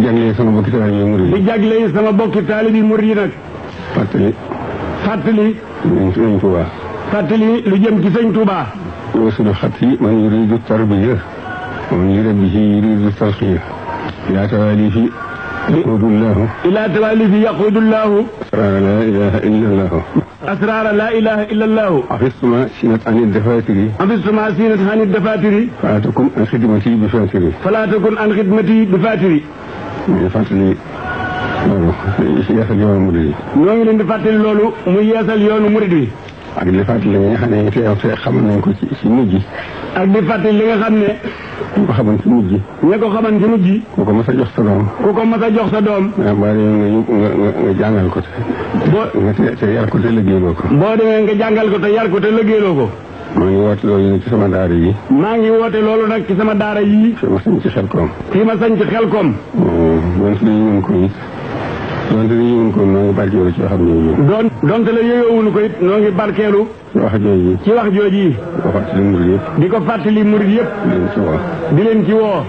di jagleel sama bokki taalibe yi murid di jagleel sama bokki taalibe yi murid nag. fàttali. fàttali. lu jëm ci sëñ Touba. fàttali lu jëm ci sëñ Touba. wasulu xati man yuridu tarbiya wa man yuridu tarxiya. ila tawalifi yaqudu llahu. ila tawalifi yaqudu llahu. asraara laa ilaha illa llahu. asraara laa ilaha illa llahu. afistuma sinat ani dafatiri. afistuma sinat ani dafatiri. fala takun an xidmati bi fatiri. fala takun an xidmati bi fatiri. ñu ngi fàttali loolu muy yeesal yoonu murid yi. ñoo leen di fàttali loolu muy yeesal yoonu murid yi. ak di fàttali li nga xam ne teew te xam nañ ko ci ci mujj. ak di li nga xam ne. ñu ko xaman ci mujj. ña ko xaman ci mujj. ku ko mas a jox sa doom. ku ko mas a jox sa doom. waaw boo demee nga nga jàngal ko te. boo nga te te yar ko te liggéeyloo ko. boo demee nga jàngal ko te yar ko te liggéeyloo ko. maa ngi woote loolu nag ci sama daara yi. maa ngi woote loolu nag ci sama daara yii. fi ma sañ ci xel koom. fi ma sañ ci xel koom. Hmm, donte la yëngu ko it donte la yëngu ko noo ngi barkeelu ci waxam jooju. don donte la yëngu ko it ci wax jooju. yi. di ko fàttali murid yëpp. di di leen ci woo.